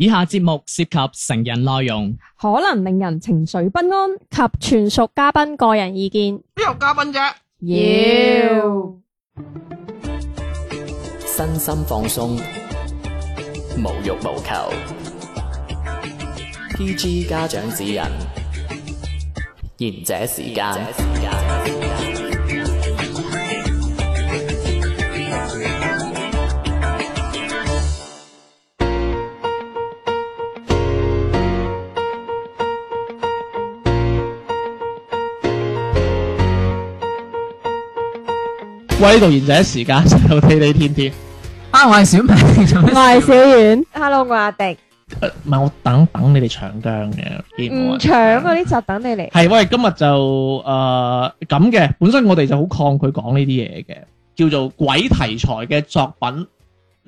以下節目涉及成人內容，可能令人情緒不安及全屬嘉賓個人意見。邊有嘉賓啫？要身心放鬆，無欲無求。PG 家長指引，賢者時間。喂！賢者時間，就睇你天天。啊，我係小明， 我係小遠。Hello，我阿迪。唔係、呃、我等等你哋搶薑搶鏡嘅，唔搶啊，呢集等你嚟。係、啊嗯、喂，今日就誒咁嘅，本身我哋就好抗拒講呢啲嘢嘅，叫做鬼題材嘅作品，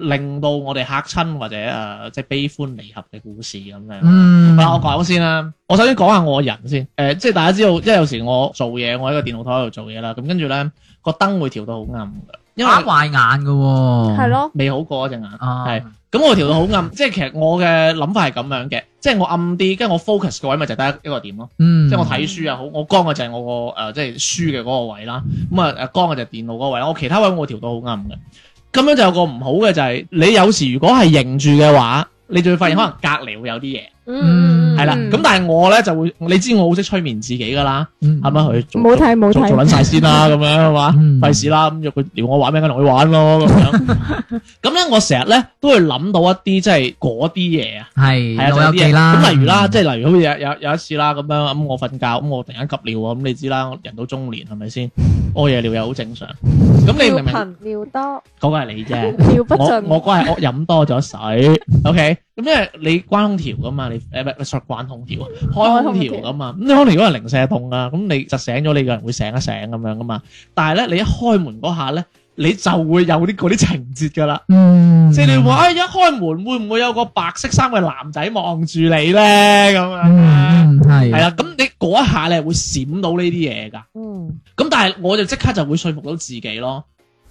令到我哋嚇親或者誒、呃、即係悲歡離合嘅故事咁嘅。樣啊、嗯，好啦、嗯，我講先啦。我首先講下我人先。誒、呃，即係大家知道，因為有時我做嘢，我喺個電腦台度做嘢啦。咁跟住咧。個燈會調到好暗嘅，因為打壞眼嘅喎，係咯，未好過一隻眼，係、嗯。咁、嗯、我調到好暗，即係其實我嘅諗法係咁樣嘅，即係我暗啲，跟住我 focus 嘅位咪就得一一個點咯，嗯、即係我睇書啊好，我光嘅就係我個誒、呃、即係書嘅嗰個位啦，咁啊光嘅就電腦嗰位我其他位我調到好暗嘅，咁樣就有個唔好嘅就係、是、你有時如果係認住嘅話，你就會發現可能隔籬會有啲嘢。嗯，係啦，咁但係我咧就會，你知我好識催眠自己噶啦，係咪去做做做捻晒先啦，咁樣係嘛，費事啦，咁約佢撩我玩咩，我同佢玩咯，咁樣。咁咧，我成日咧都會諗到一啲即係嗰啲嘢啊，係老友記啦，咁例如啦，即係例如好似有有有一次啦，咁樣，咁我瞓覺，咁我突然間急尿啊，咁你知啦，人到中年係咪先屙夜尿又好正常，咁你明唔明？尿頻尿多，嗰個係你啫，我我關係我飲多咗水，OK。咁因為你關空調噶嘛，你誒唔係你索關空調，開空調噶嘛。咁你可能如果係零舍凍啊，咁你就醒咗，你個人會醒一醒咁樣噶嘛。但係咧，你一開門嗰下咧，你就會有啲嗰啲情節噶啦。即係你話啊，一開門會唔會有個白色衫嘅男仔望住你咧咁樣？係係啦，咁、嗯、你嗰一下咧會閃到呢啲嘢噶。咁、嗯、但係我就即刻就會說服到自己咯。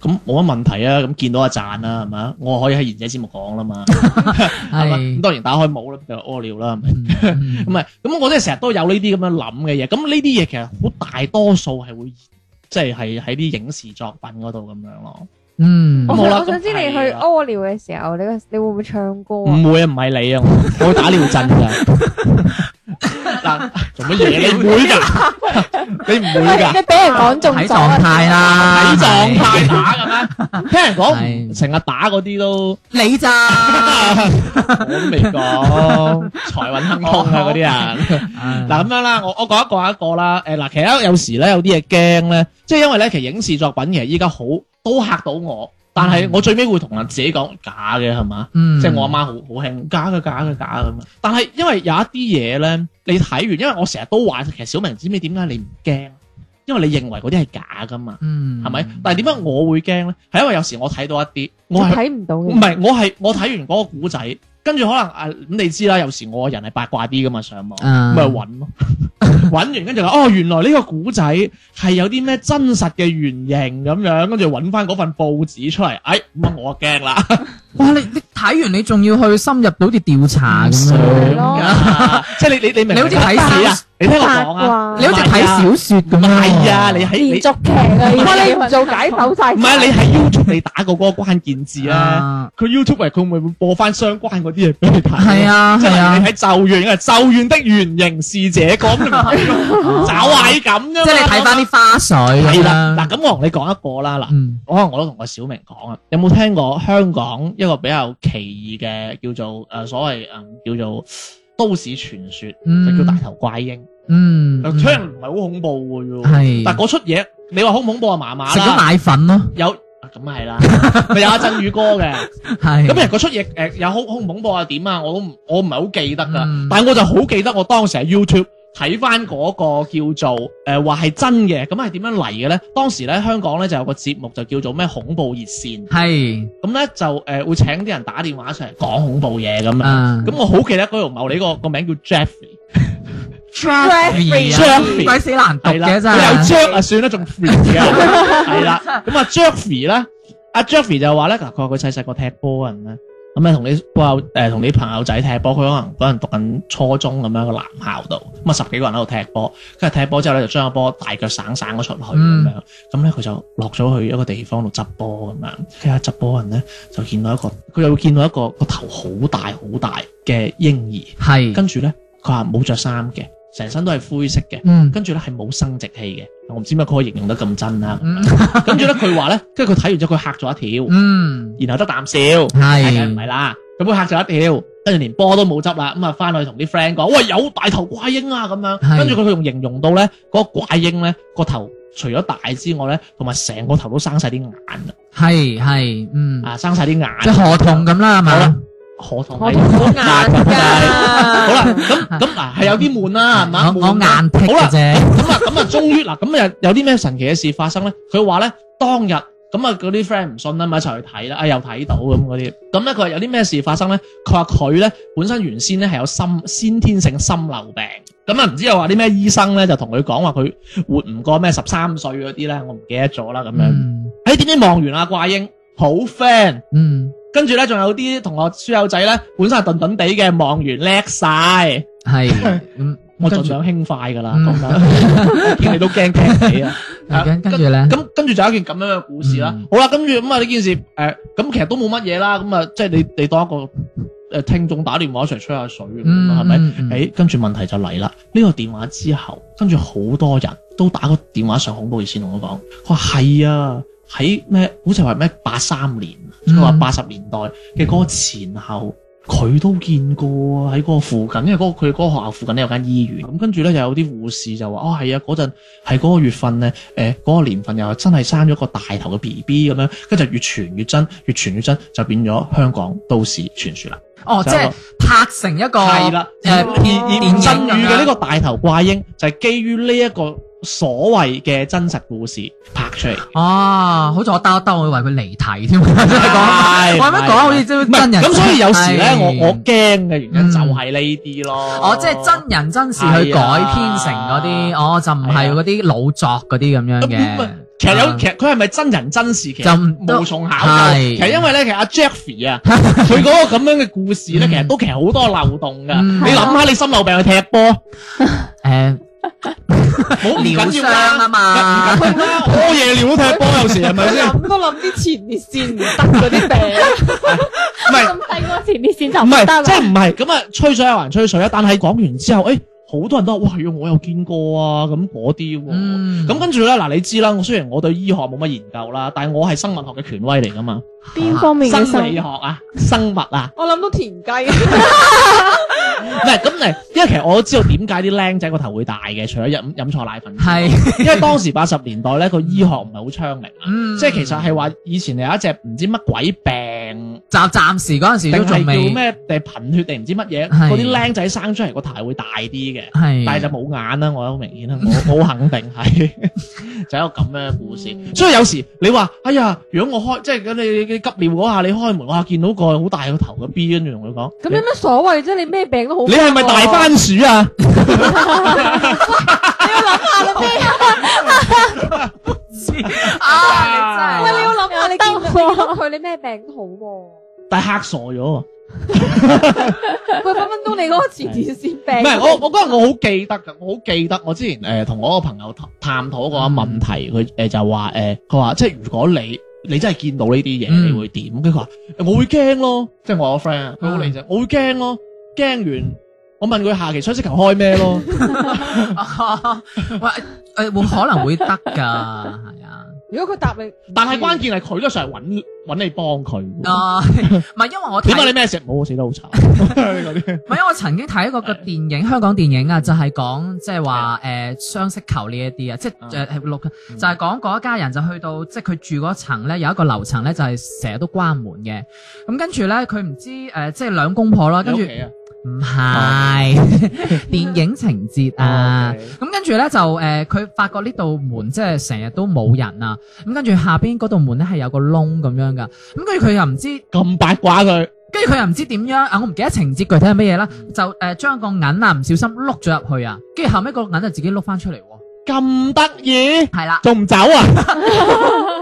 咁冇乜問題啊！咁見到阿贊啦，係嘛？我可以喺賢者節目講啦嘛。係 是。咁當然打開冇啦，就屙尿啦，係咪、嗯？咁咪咁我真係成日都有呢啲咁樣諗嘅嘢。咁呢啲嘢其實好大多數係會即係係喺啲影視作品嗰度咁樣咯。嗯，我想我想知你去屙尿嘅時候，你、嗯、你會唔會唱歌？唔會啊，唔係你啊， 我會打尿震㗎。 做乜嘢？你唔會㗎， 你唔會㗎。你俾人講中狀態啦、啊，睇 狀態打嘅咩？聽 人講成日打嗰啲都你咋？我都未講財運亨通啊嗰啲人。嗱咁樣啦，我我講一個一個啦。誒嗱，其實有時咧有啲嘢驚咧，即係因為咧其實影視作品其實依家好都嚇到我。但係我最尾會同人自己講假嘅係嘛，嗯、即係我阿媽好好輕假嘅假嘅假咁啊！但係因為有一啲嘢咧，你睇完，因為我成日都話，其實小明知唔知點解你唔驚？因為你認為嗰啲係假噶嘛，係咪、嗯？但係點解我會驚咧？係因為有時我睇到一啲，我睇唔到嘅，唔係我係我睇完嗰個古仔。跟住可能啊，咁你知啦，有時我人係八卦啲噶嘛，上網咪揾咯，揾、uh 嗯、完跟住講， 哦，原來呢個古仔係有啲咩真實嘅原型咁樣，跟住揾翻嗰份報紙出嚟，哎，咁啊我驚啦～ 哇！你你睇完你仲要去深入到啲調查咁啊？係咯，即係你你你明？你好似睇小，你聽我講啊！你好似睇小說咁啊？係啊，你喺連續劇啊？哇！你唔做解手晒？唔係啊！你喺 YouTube 你打過嗰個關鍵字啊？佢 YouTube 佢會唔會播翻相關嗰啲嘢俾你睇？係啊，即係你喺咒怨啊？咒怨的原型是這個咁，就係咁啫嘛。即係你睇翻啲花絮啊？係啦，嗱咁我同你講一個啦，嗱，可能我都同個小明講啊，有冇聽過香港？一個比較奇異嘅叫做誒、呃，所謂誒、呃、叫做都市傳說，嗯、就叫大頭怪嬰、嗯。嗯，雖然唔係好恐怖嘅，係的，但係嗰出嘢，你話恐唔恐怖就啊？麻麻啦，食咗奶粉咯，有咁啊係啦，咪有阿振宇哥嘅，係。咁人嗰出嘢誒有恐恐恐怖啊？點啊？我都我唔係好記得㗎，但係我就好記得我當時喺 YouTube。睇翻嗰個叫做誒話係真嘅，咁係點樣嚟嘅咧？當時咧香港咧就有個節目就叫做咩恐怖熱線，係。咁咧就誒會請啲人打電話上嚟講恐怖嘢咁啊。咁我好記得嗰條毛，你個個名叫 Jeffrey，Jeffrey 鬼死死難讀嘅真係，又 Jeff 啊算啦，仲 free 啊，係啦。咁啊 Jeffrey 咧，阿 Jeffrey 就話咧嗱，佢話佢細細個踢波啊。咁咧同啲波，誒同啲朋友仔踢波，佢可能嗰陣讀緊初中咁樣，個男校度，咁啊十幾個人喺度踢波，跟住踢波之後咧就將個波大腳省省咗出去咁、嗯、樣，咁咧佢就落咗去一個地方度執波咁樣，跟住執波人咧就見到一個，佢就見到一個到一個頭好大好大嘅嬰兒，係是，跟住咧佢話冇着衫嘅。成身都係灰色嘅，跟住咧係冇生殖器嘅。我唔知點解佢可以形容得咁真啦。跟住咧佢話咧，跟住佢睇完之後佢嚇咗一跳，然後得啖笑。係啊，唔係啦，咁佢嚇咗一跳，跟住連波都冇執啦。咁啊，返去同啲 friend 講，喂，有大頭怪嬰啊咁樣。跟住佢仲形容到咧，嗰個怪嬰咧個頭除咗大之外咧，同埋成個頭都生晒啲眼。係係，嗯啊，生晒啲眼，即係河童咁啦，係咪？可嘆，何何何好難噶。好啦，咁咁嗱，係有啲悶啦，係嘛？我眼。好啦咁啊，咁啊，終於嗱，咁又有啲咩神奇嘅事發生咧？佢、嗯嗯、話咧當日咁啊，嗰啲 friend 唔信啦，咪一齊去睇啦。啊，又睇到咁嗰啲。咁咧佢話有啲咩事發生咧？佢話佢咧本身原先咧係有心先天性心漏病，咁啊唔知又話啲咩醫生咧就同佢講話佢活唔過咩十三歲嗰啲咧，我唔記得咗啦。咁樣，喺點知望完阿怪英好 friend，嗯。跟住咧，仲有啲同學書友仔咧，本身係頓頓哋嘅望完叻曬，係，我就想輕快噶啦，我見你都驚劇死啊！跟住咧，咁跟住就有一件咁樣嘅故事啦。好啦，跟住咁啊，呢件事誒，咁其實都冇乜嘢啦。咁啊，即係你你當一個誒聽眾打電話上吹下水咁係咪？誒，跟住問題就嚟啦。呢個電話之後，跟住好多人都打個電話上恐怖線同我講，話係啊。喺咩？好似話咩？八三年，即係話八十年代嘅嗰個前後，佢、嗯嗯、都見過喺嗰個附近，因為、嗰個佢嗰個學校附近咧有間醫院，咁跟住咧又有啲護士就話哦，係啊，嗰陣係嗰個月份咧，誒、欸、嗰、嗰個年份又真係生咗個大頭嘅 B B 咁樣，跟住就越傳越真，越傳越真，就變咗香港都市傳說啦。哦，即係拍成一個係啦，誒，演演演真嘅呢個大頭怪嬰就係基於呢一個所謂嘅真實故事拍出嚟啊。好似我兜一兜，我會為佢離題添，我點解講好似真人咁？所以有時咧，我我驚嘅原因就係呢啲咯。哦，即係真人真事去改編成嗰啲，哦就唔係嗰啲老作嗰啲咁樣嘅。其實有，其實佢係咪真人真事？其實無從考證。其實因為咧，其實阿 Jeffrey 啊，佢嗰個咁樣嘅故事咧，其實都其實好多漏洞噶。你諗下，你心漏病去踢波，誒，好唔緊要噶嘛？半夜尿都踢波，有時係咪先？諗都諗啲前列腺唔得嗰啲病，唔係咁細個前列腺就唔得啦。即係唔係咁啊？吹水有人吹水啊！但係講完之後，誒。好多人都話：哇！我有見過啊，咁嗰啲喎。咁、嗯、跟住呢，嗱，你知啦。我雖然我對醫學冇乜研究啦，但係我係生物學嘅權威嚟噶嘛。邊方面生理學啊？生物啊？我諗到田雞。唔係，咁嚟，因為其實我都知道點解啲僆仔個頭會大嘅，除咗飲飲，飲錯奶粉，係是 因為當時八十年代呢，個醫學唔係好昌明啊。嗯、即係其實係話以前有一隻唔知乜鬼病。暫暫時嗰陣時定係叫咩？定係貧血定唔知乜嘢？嗰啲僆仔生出嚟個頭會大啲嘅，但係就冇眼啦，我好明顯啦，我好肯定係就係一個咁嘅故事。所以有時你話，哎呀，如果我開，即係咁，你急尿嗰下你開門哇，見到個好大個頭嘅 B，跟住同佢講，咁有咩所謂啫？你咩病都好，你係咪大番薯啊？你要諗下你咩？啊！喂，你要諗下，你見到佢，你咩病都好，但係嚇傻咗。喂，分分鐘你嗰個前電視病。唔係，我我嗰日我好記得噶，我好記得我之前誒同我一個朋友探探討過一個問題，佢誒就話誒佢話即係如果你你真係見到呢啲嘢，你會點？佢話我會驚咯，即係我個 friend，佢好理性，我會驚咯，驚完我問佢下期雙色球開咩咯。喂。誒，會 可能會得噶，係啊。如果佢答你，但係關鍵係佢都想揾揾你幫佢。啊、呃，唔係因為我睇到你咩事，唔好死得好慘。唔係，因為我曾經睇過個電影，啊、香港電影啊，就係講即係話誒雙色球呢一啲啊，即係誒係錄嘅，就係講嗰一家人就去到即係佢住嗰層咧，有一個樓層咧就係成日都關門嘅。咁、嗯、跟住咧，佢唔知誒、呃，即係兩公婆啦，跟住。唔係 Okay. 電影情節啊，咁跟住呢，就、呃、誒，佢發覺呢度門即係成日都冇人啊，咁跟住下邊嗰道門呢，係有個窿咁樣噶，咁跟住佢又唔知咁八卦佢，跟住佢又唔知點樣啊，我唔記得情節具體係乜嘢啦，就誒將、呃、個銀啊唔小心碌咗入去啊，跟住後尾個銀就自己碌翻出嚟，咁得意？係啦！仲唔走啊？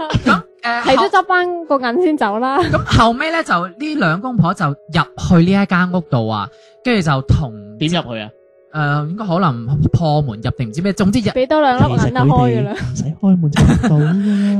誒，係都執翻個銀先走啦。咁後尾咧就呢兩公婆就入去呢一間屋度啊，跟住就同點入去啊？誒，應該可能破門入定唔知咩，總之入俾多兩粒銀得開嘅啦，唔使開門就到啦。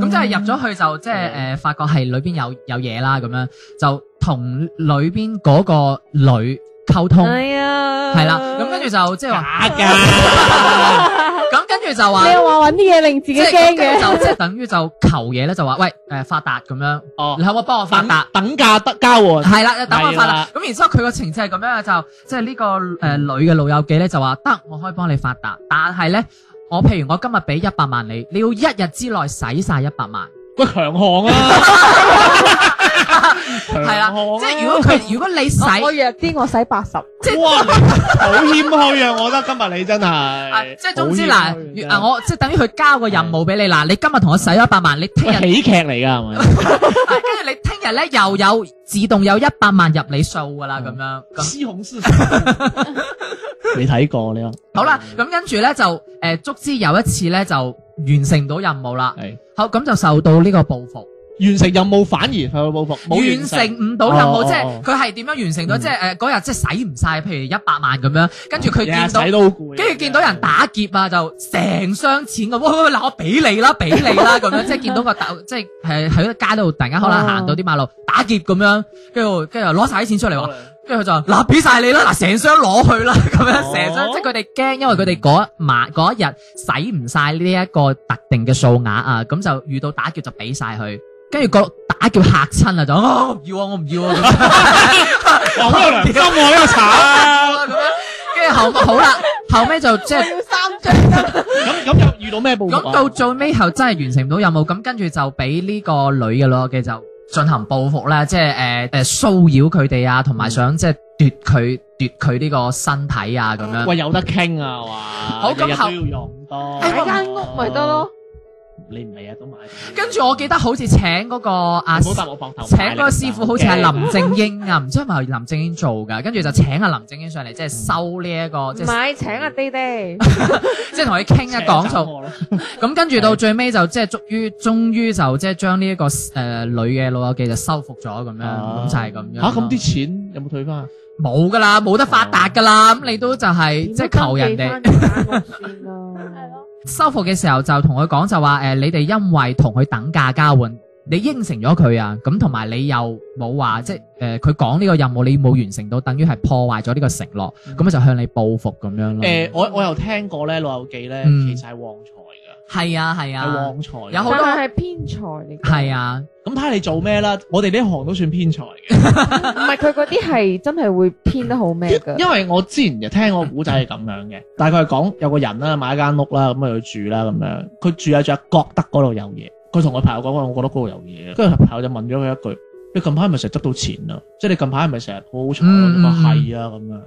咁即係入咗去就即係誒，發覺係裏邊有有嘢啦，咁樣就同裏邊嗰個女溝通。係啊，係啦，咁跟住就即係話假㗎。咁跟住就話，你又話揾啲嘢令自己驚嘅，就即係等於就求嘢咧，就話喂，誒、呃、發達咁樣，哦、你可唔可幫我發達？等價得交換，係啦，又等我發達。咁的然之後佢個情節係咁樣，就即係呢、這個誒、呃嗯、女嘅老友記咧，就話得，我可以幫你發達，但係咧，我譬如我今日俾一百萬你，你要一日之內使晒一百萬，佢強項啊！ 係啦，即係如果佢，如果你使我弱啲，我使八十，即係好謙虛啊！我覺得今日你真係，即係總之嗱，啊我即係等於佢交個任務俾你嗱，你今日同我使咗一百萬，你聽日喜劇嚟噶係咪？跟住你聽日咧又有自動有一百萬入你數噶啦，咁樣。司空先生，你睇過呢？好啦，咁跟住咧就誒，足之有一次咧就完成到任務啦。係，好咁就受到呢個報復。完成任務反而佢會報復，完成唔到任務即係佢係點樣完成到？即係誒嗰日即係使唔曬，譬如一百萬咁樣，跟住佢見到，跟住見到人打劫啊，就成箱錢嘅。喂喂喂，嗱我俾你啦，俾你啦咁樣，即係見到個打即係喺喺街度突然間可能行到啲馬路打劫咁樣，跟住跟住攞曬啲錢出嚟話，跟住佢就嗱俾曬你啦，嗱成箱攞去啦咁樣成箱，即係佢哋驚，因為佢哋嗰晚嗰一日使唔曬呢一個特定嘅數額啊，咁就遇到打劫就俾曬佢。跟住個打叫嚇親啦，就唔要啊，我唔要啊，我可能我一個鏟啦咁樣。跟住後尾好啦，後尾就即係三張。咁咁又遇到咩報復？咁到最尾後真係完成唔到任務，咁跟住就俾呢個女嘅咯嘅就進行報復咧，即係誒誒騷擾佢哋啊，同埋想即係奪佢奪佢呢個身體啊咁樣。喂，有得傾啊，哇！好，咁用多喺間屋咪得咯。你唔係啊，都買。跟住我記得好似請嗰個阿請嗰個師傅，好似係林正英啊，唔知係咪林正英做噶？跟住就請阿林正英上嚟，即係收呢一個即係。唔係，請阿爹爹，即係同佢傾一講數。咁跟住到最尾就即係終於，終於就即係將呢一個誒女嘅老友記就收服咗咁樣，咁就係咁樣。吓，咁啲錢有冇退翻？冇噶啦，冇得發達噶啦。咁你都就係即係求人哋。收服嘅時候就同佢講就話誒、呃，你哋因為同佢等價交換，你應承咗佢啊，咁同埋你又冇話即係誒，佢講呢個任務你冇完成到，等於係破壞咗呢個承諾，咁、嗯、就向你報復咁樣咯。誒、呃，我我又聽過咧，老友記咧，其實係旺財。嗯係啊係啊，啊旺財有好多，但係偏財嚟。係啊，咁睇下你做咩啦？我哋呢行都算偏財嘅。唔係佢嗰啲係真係會偏得好咩噶？因為我之前就聽我古仔係咁樣嘅，大概係講有個人啦，買間屋啦，咁啊去住啦咁樣。佢住啊住啊，覺得嗰度有嘢。佢同佢朋友講話，我覺得嗰度有嘢。跟住佢朋友就問咗佢一句，你近排係咪成日執到錢啊？即係你近排係咪成日好彩啊？咁、嗯、啊係啊咁樣。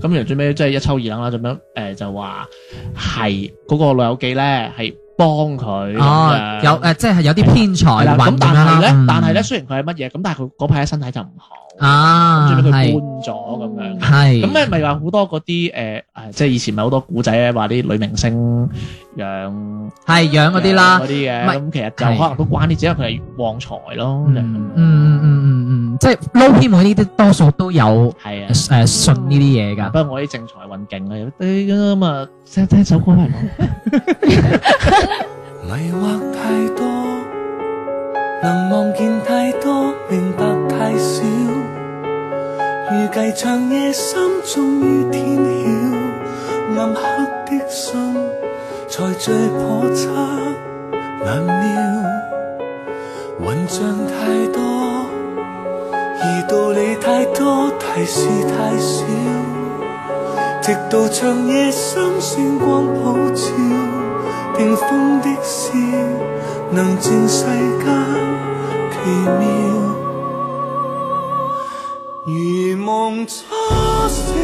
咁由最尾即係一抽二冷啦，咁樣誒就話係嗰個老友記咧係幫佢，哦有誒即係有啲偏財啦。咁但係咧，但係咧雖然佢係乜嘢，咁但係佢嗰排身體就唔好。啊，最尾佢搬咗咁樣。係咁咧，咪話好多嗰啲誒誒，即係以前咪好多古仔咧，話啲女明星養係養嗰啲啦嗰啲嘅。咁，其實就可能都關啲，只係佢係旺財咯。嗯嗯嗯。嗯即係撈偏門呢啲，多數都有係啊，誒信呢啲嘢㗎。不過我啲正財運勁啊，啲咁啊，聽聽首歌係嘛。而道理太多，提示太少，直到長夜深，星光普照，屏風的笑，能證世間奇妙。如夢初醒，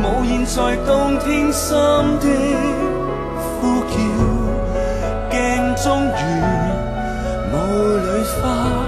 無言在冬天心的呼叫，鏡中月，霧裏花。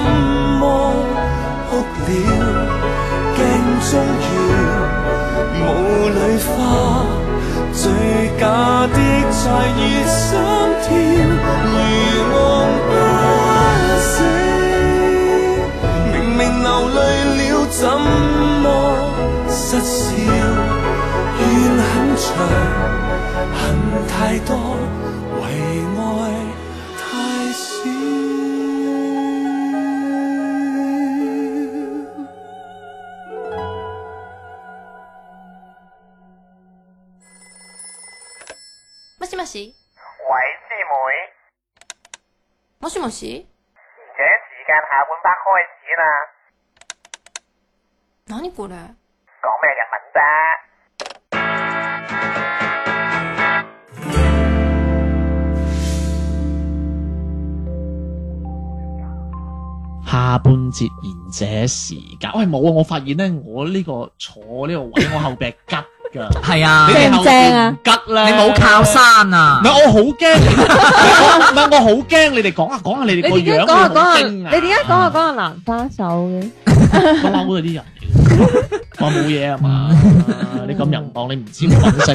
怎麼哭了？鏡中月，霧裏花，最假的在越心跳。如夢不醒，明明流淚了，怎麼失笑？怨很長，恨太多。賢者時間下半 part 開始啦。咩、哎、嚟？講咩嘅文白？下半節賢者時間。喂，冇啊！我發現咧，我呢個坐呢個位，我後背吉。 係啊，正唔正啊，吉啦，你冇靠山啊？唔係我好驚，唔係我好驚，你哋講下講下你哋個樣會唔正啊？你點解講下講下蘭花手嘅？咁啱好似啲人嚟嘅，我冇嘢啊嘛？你咁人望，你唔知我唔識，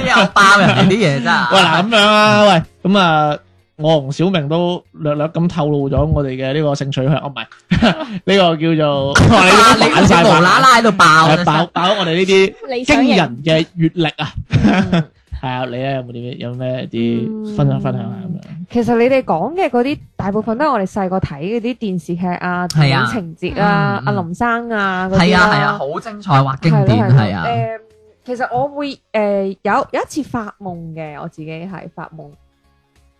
你又爆人哋啲嘢真係。喂嗱，咁樣啊，喂，咁啊。我同小明都略略咁透露咗我哋嘅呢個性取向，哦唔係呢個叫做，你都玩晒翻，無啦啦喺度爆，爆爆我哋呢啲驚人嘅閱歷啊，係啊，你呢有冇啲有咩啲分享分享下咁樣？其實你哋講嘅嗰啲大部分都係我哋細個睇嗰啲電視劇啊，情節啊，阿林生啊，係啊係啊，好精彩或經典係啊。誒，其實我會誒有有一次發夢嘅，我自己係發夢。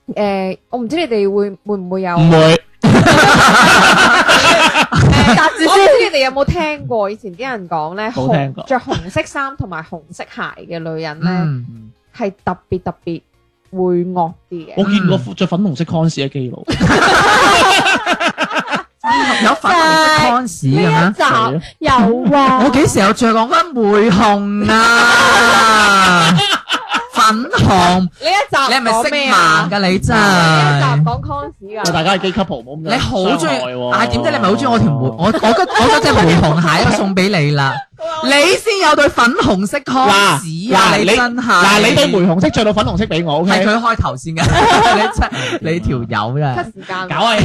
誒、呃，我唔知你哋會會唔會有？唔會。格子先，思思知你哋有冇聽過以前啲人講咧？冇聽過。着紅，紅色衫同埋紅色鞋嘅女人咧，係、嗯、特別特別會惡啲嘅。我見過着粉紅色 consist 嘅基佬。有粉紅色 consist 嘅有， 有啊。我幾時有着過返玫紅啊？粉紅？你一集你係咪識咩啊？你真係呢一集講 cons 噶。大家係基級仆，唔好咁。你好中意，係點啫？你咪好中意我條梅，我我姐姐 我嗰隻梅紅蟹送俾你啦。 你先有對粉紅色靴子啊！嗱，你真係嗱，你對玫紅色着到粉紅色俾我，係佢開頭先嘅，你真你條友啦！cut 時間，搞啊！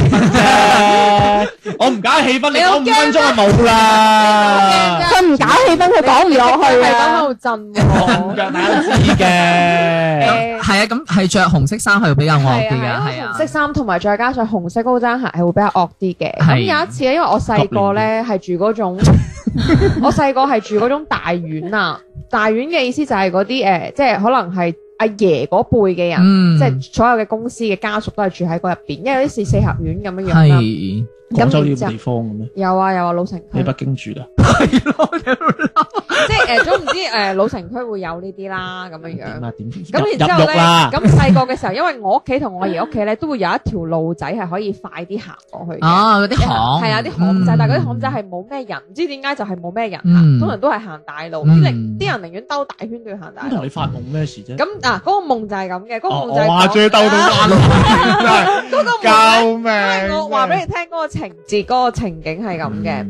我唔搞氣氛，你講五分鐘就冇啦！佢唔搞氣氛，佢講唔落去，係咁喺度震。我唔着大粒耳嘅，係啊，咁係着紅色衫係比較惡啲嘅，係啊，紅色衫同埋再加上紅色高踭鞋係會比較惡啲嘅。咁有一次咧，因為我細個咧係住嗰種。 我細個係住嗰種大院啊，大院嘅意思就係嗰啲誒，即係可能係阿爺嗰輩嘅人，嗯、即係所有嘅公司嘅家屬都係住喺嗰入邊，因為有啲似四,四合院咁樣樣啦。係，廣州地方咁、啊、咩？有啊有啊，老城區喺北京住啊？即係誒，總言之，誒，老城區會有呢啲啦，咁樣樣。咁然之後咧，咁細個嘅時候，因為我屋企同我爺屋企咧，都會有一條路仔係可以快啲行過去嘅。哦，啲巷係啊，啲巷仔，但係嗰啲巷仔係冇咩人，唔知點解就係冇咩人。嗯，通常都係行大路，啲人啲人寧願兜大圈都要行大路。你發夢咩事啫？咁嗱，嗰個夢就係咁嘅，嗰個夢就係我話最兜大路。救命！我話俾你聽，嗰個情節，嗰個情景係咁嘅。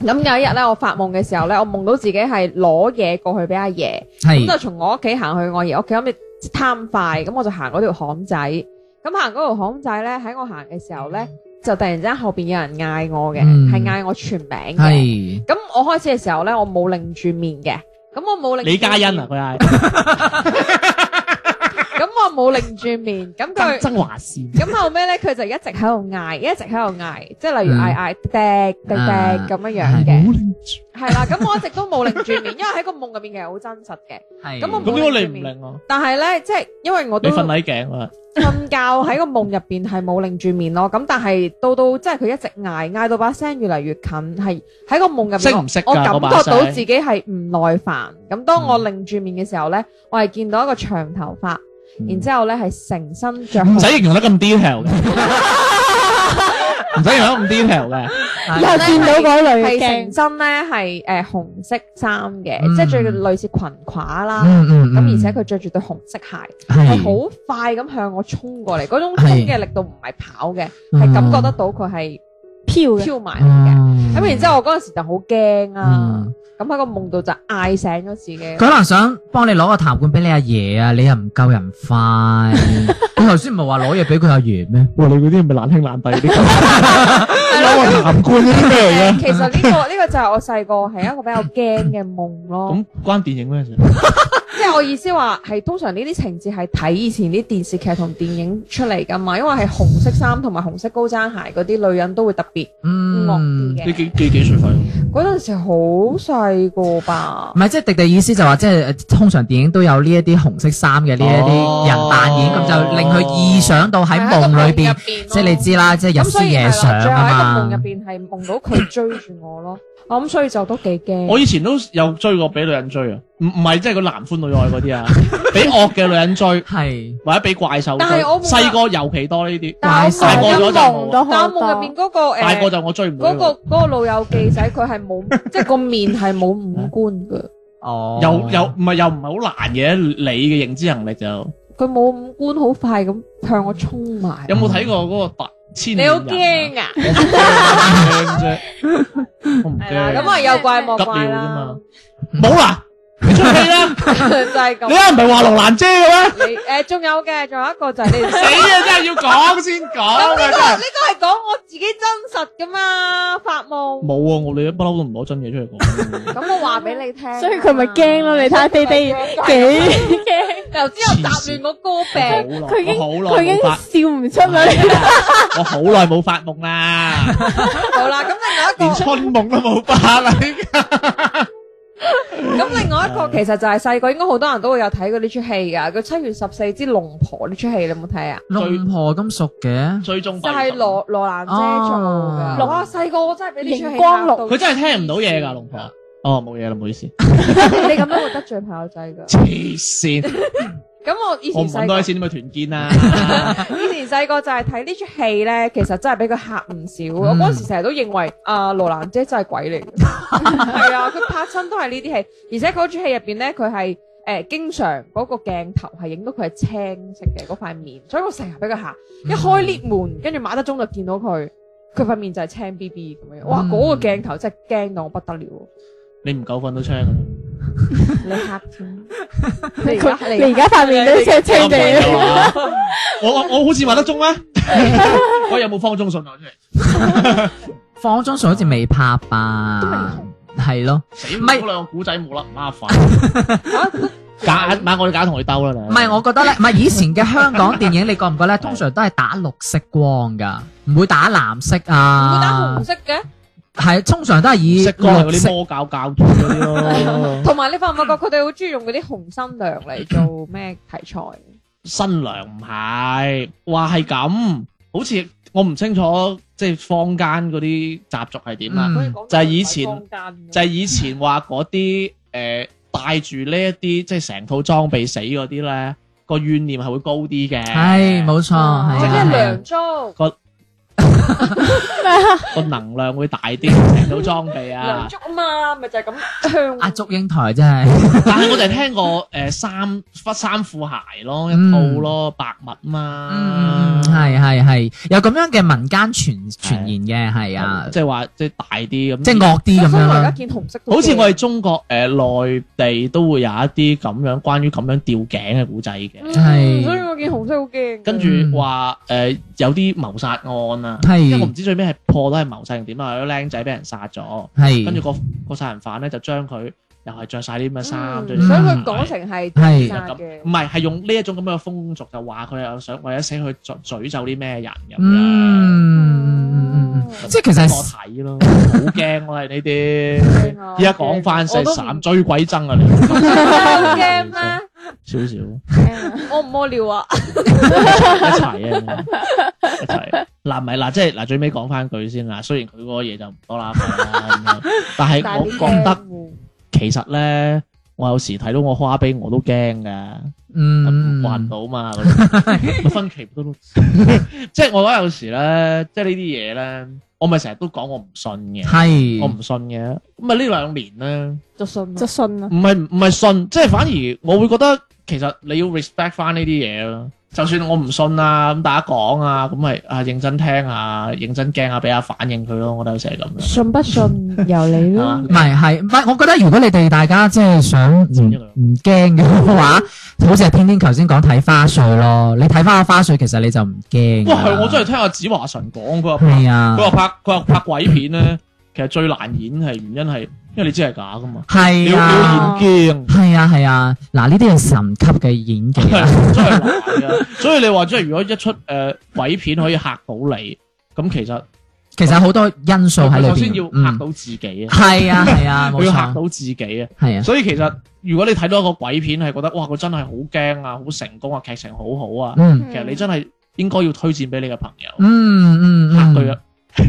咁有一日咧，我發夢嘅時候咧，我夢到自己係攞嘢過去俾阿爺，咁就是從我屋企行去我爺屋企，咁就貪快，咁我就行嗰條巷仔，咁行嗰條巷仔咧，喺我行嘅時候咧，就突然之間後邊有人嗌我嘅，係嗌、嗯、我全名嘅，咁是我開始嘅時候咧，我冇擰住面嘅，咁我冇擰。李嘉欣啊，佢嗌。冇擰住面咁佢，爭爭話咁後尾咧，佢就一直喺度嗌，一直喺度嗌，即係例如嗌嗌喋喋喋咁樣樣嘅係啦。咁我一直都冇擰住面，因為喺個夢入邊嘅好真實嘅。係咁我冇擰面，但係咧，即係因為我都瞓捩頸啊，瞓覺喺個夢入邊係冇擰住面咯。咁但係到到即係佢一直嗌嗌到把聲越嚟越近，係喺個夢入邊，我感覺到自己係唔耐煩。咁當我擰住面嘅時候咧，我係見到一個長頭髮。然之後咧，係成身着，唔使形容得咁 detail 嘅，唔使形容得咁 detail 嘅。又見到嗰女成身咧，係誒紅色衫嘅，即係著類似裙褂啦。嗯嗯嗯。咁而且佢着住對紅色鞋，係好快咁向我衝過嚟。嗰種衝嘅力度唔係跑嘅，係感覺得到佢係飄飄埋嚟嘅。咁然之後我嗰陣時就好驚啊！咁喺個夢度就嗌醒咗自己，佢可能想幫你攞個痰罐俾你阿爺啊，你又唔夠人快、啊。 你頭先唔係話攞嘢俾佢阿爺咩？爺爺 哇，你嗰啲係咪難兄難弟啲，係咯？ 痰罐呢啲咩嚟嘅。那 其實呢、呃這個呢 個就係我細個係一個比較驚嘅夢咯。咁 關電影咩事？ 即係我意思話，係通常呢啲情節係睇以前啲電視劇同電影出嚟噶嘛，因為係紅色衫同埋紅色高踭鞋嗰啲女人都會特別嗯，啲幾幾幾歲份？嗰陣時好細個吧。唔係，即係迪迪意思就話、是，即係通常電影都有呢一啲紅色衫嘅呢一啲人扮演，咁、哦、就令佢意想到喺夢裏邊，裡即係你知啦，嗯、即係日思夜想喺個夢入邊係夢到佢追住我咯。我咁， 所以就都幾驚。我以前都有追過，俾女人追啊。唔唔係，即係個男歡女愛嗰啲啊，俾惡嘅女人追，係或者俾怪獸追，但係我細個尤其多呢啲。大個咗就眼望，夢入邊嗰個誒，大個就我追唔到。嗰個嗰個老友記仔，佢係冇，即係個面係冇五官噶。哦，又又唔係又唔係好難嘅，你嘅認知能力就佢冇五官，好快咁向我衝埋。有冇睇過嗰個《百千年》？你好驚啊！我唔驚啫，咁啊有怪莫怪。冇啦。你出氣啦，就係咁。你啱唔係話羅蘭姐嘅咩？誒，仲有嘅，仲有一個就係你死啊！真係要講先講嘅。呢個呢個係講我自己真實噶嘛，發夢。冇啊，我哋不嬲都唔攞真嘢出嚟講。咁我話俾你聽。所以佢咪驚咯？你睇滴滴幾驚，又之後雜亂個歌病，佢已經佢已經笑唔出嚟。我好耐冇發夢啦。好啦，咁另外一連春夢都冇發啦。咁 另外一個其實就係細個應該好多人都會有睇過呢出戲噶，佢七月十四之龍婆呢出戲你有冇睇啊？龍婆咁熟嘅，最終就係羅羅蘭姐做噶。哇，細個我真係俾呢出戲嚇到，佢真係聽唔到嘢噶龍婆。哦，冇嘢啦，唔好意思。 你咁樣會得罪朋友仔噶？黐綫。 咁我以前細個時都咪團建啊？ 以前細個就係睇呢出戲咧，其實真係俾佢吓唔少。嗯、我嗰時成日都認為阿羅蘭姐真係鬼嚟，係 啊，佢拍親都係呢啲戲，而且嗰出戲入邊咧，佢係誒經常嗰個鏡頭係影到佢係青色嘅嗰塊面，所以我成日俾佢吓。嗯、一開 𨋢 門，跟住馬德鍾就見到佢，佢塊面就係青 B B 咁樣，哇！嗰、嗯那個鏡頭真係驚到我不得了。你唔夠瞓都青。 你拍片拖，你而家你而家發面都似青地我我，我好似話得中咩？ 我有冇方中信啊？出嚟，方中信好似未拍吧？係咯，了死咪吧！係好兩個古仔冇啦，唔麻煩 假唔係我哋假同佢兜啦。唔係我覺得咧，唔係 以前嘅香港電影， 你覺唔覺咧？通常都係打綠色光噶，唔會打藍色是啊，唔會打紅色嘅。係，通常都係以色光嗰啲魔教教主嗰啲咯。同埋你發唔發覺佢哋好中意用嗰啲紅新娘嚟做咩題材？新娘唔係，話係咁，好似我唔清楚，即係坊間嗰啲習俗係點啦。就係以前，就係以前話嗰啲誒，帶住呢一啲即係成套裝備死嗰啲咧，個怨念係會高啲嘅。係，冇錯，係。即係梁祝。個能量會大啲，成套裝備啊！捉啊嘛，咪就係咁向捉英台真係，但係我哋聽過誒衫、衫褲、鞋咯，一套咯白襪啊嘛，係係係有咁樣嘅民間傳傳言嘅，係啊，即係話即係大啲咁，即係惡啲咁樣咯。好似我見紅色，好似我哋中國誒內地都會有一啲咁樣關於咁樣吊頸嘅古仔嘅，係所以我見紅色好驚。跟住話誒有啲謀殺案啊。因為我唔知最尾係破都係謀殺定點啊，有個僆仔俾人殺咗，跟住個個殺人犯咧就將佢又係着晒啲咁嘅衫，所以佢講成係自殺嘅，唔係係用呢一種咁嘅風俗就話佢又想為咗死去詛咒啲咩人咁樣，即係其實我睇咯，好驚我係呢啲，依家講翻成散追鬼憎啊你，驚咩？少少，屙唔屙尿啊？ 一齊啊，一齊。嗱唔係嗱，即係嗱最尾講翻句先啦。雖然佢嗰個嘢就唔多啦， 但係是 我覺得其實咧，我有時睇到我花唄我都驚噶，嗯，還唔到啊嘛， 分期不都， 即係我覺得有時咧，即係呢啲嘢咧。我咪成日都講我唔信嘅，是我唔信嘅，咁咪呢兩年咧就信就信啦。唔係唔係信，即係反而我會覺得其實你要 respect 返呢啲嘢。就算我唔信啊，咁大家講啊，咁咪啊認真聽啊，認真驚啊，俾下反應佢、啊、咯，我都得成係咁。信不信由你咯。唔係係，唔係我覺得如果你哋大家即係想唔唔驚嘅話，好似係天天頭先講睇花絮咯。你睇翻個花絮其實你就唔驚、啊。哇、哦！我真係聽阿子華神講個戲啊，佢話佢話拍佢話的拍，拍鬼片咧， 其實最難演係原因係。因為你知係假噶嘛，係啊，表演驚，係啊係啊，嗱呢啲係神級嘅演技，真係啊， 所以你話即係如果一出誒、呃、鬼片可以嚇到你，咁其實其實有好多因素喺裏邊，先要嚇到自己啊，係啊係啊， 要嚇到自己啊，係啊， 啊所以其實如果你睇到一個鬼片係覺得哇佢真係好驚啊，好成功啊，劇情好好啊，嗯，其實你真係應該要推薦俾你嘅朋友，嚇他嗯嗯嚇佢啊。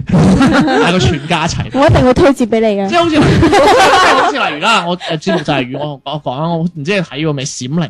帶 個全家一齊，我一定會推薦俾你嘅。 即係好似，即係好似，例如啦，我誒，我我我我我知道就係如我我講啦，我唔知你睇過未？閃靈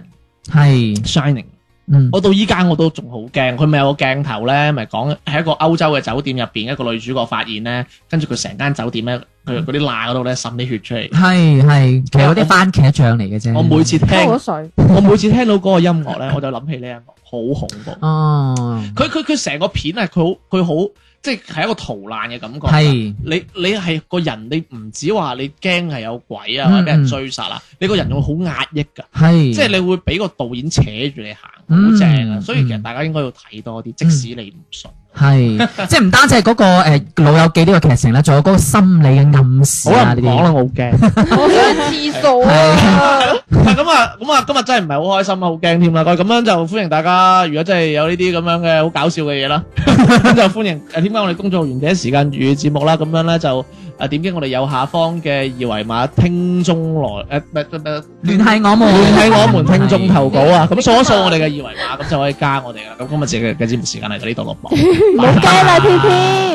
係 Shining，嗯，我到依家我都仲好驚，佢咪有個鏡頭咧，咪講喺一個歐洲嘅酒店入邊，一個女主角發現咧，跟住佢成間酒店咧，佢嗰啲罅嗰度咧滲啲血出嚟，係係，其實有啲番茄醬嚟嘅啫。我，我每次聽，多多水我每次聽到嗰個音樂咧，我就諗起呢一幕，好恐怖。哦，佢佢佢成個片咧，佢好佢好。即係一個逃難嘅感覺。係是你你係個人，你唔止話你驚係有鬼啊，嗯、或者俾人追殺啦。嗯、你個人會好壓抑㗎。係是即係你會俾個導演扯住你行，好正啊！嗯、所以其實大家應該要睇多啲，嗯、即使你唔信。係，即係唔單止係嗰個、呃、《老友記》呢個劇情啦，仲有嗰個心理嘅暗示可能啲。好啦，好驚些。我呢次數啊。咁啊，咁啊，今日真係唔係好開心啊，好驚添啦。咁樣就歡迎大家，如果真係有呢啲咁樣嘅好搞笑嘅嘢啦，咁、 嗯、就歡迎誒、呃、天光我哋工作完第一時間與節目啦。咁、嗯、樣咧就。啊！點擊我哋右下方嘅二維碼聽眾來誒，唔係唔係，聯繫我們，聯繫我們聽眾投稿啊！咁掃一掃我哋嘅二維碼，咁就可以加我哋啦。咁今日自己嘅節目時間嚟到呢度落幕，冇計啦，P P。